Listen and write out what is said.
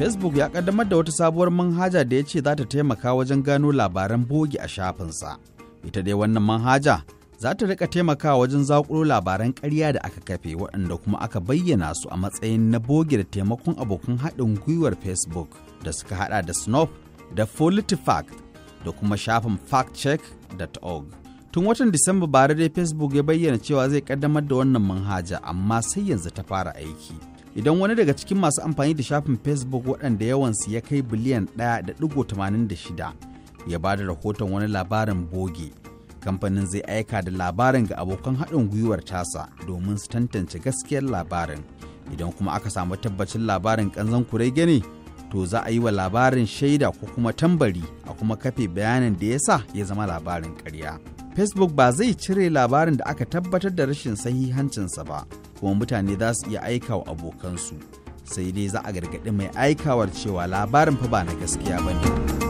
Facebook ya kaddamar da wata sabuwar manhaja da ya ce za ta taimaka wajen gano labaran bogi a shafinsa. Ita dai wannan manhaja za ta rika taimaka wajen zaƙulo labaran ƙarya da aka kafe waɗanda kuma aka bayyana su a matsayin na bogi da taimakon abokan haɗin gwiwar Facebook da suka haɗa da Snop da PolitiFact da kuma shafin factcheck.org. tun watan disamba bara dai facebook ya bayyana cewa zai kaddamar da wannan manhaja amma sai yanzu ta fara aiki idan wani daga cikin masu amfani da shafin facebook waɗanda yawansu ya kai biliyan 1.86 ya ba da rahoton wani labarin boge kamfanin zai aika da labarin ga abokan haɗin gwiwar tasa domin su tantance gaskiyar labarin idan kuma aka samu tabbacin labarin kanzan kurai ne to za a yi wa labarin shaida ko kuma tambari a kuma kafe bayanin da ya sa ya zama labarin karya. Facebook ba zai cire labarin da aka tabbatar da rashin sahihancinsa ba, kuma mutane za su iya aika wa abokansu. Sai dai za a gargaɗi mai aikawar cewa labarin fa ba na gaskiya ba ne.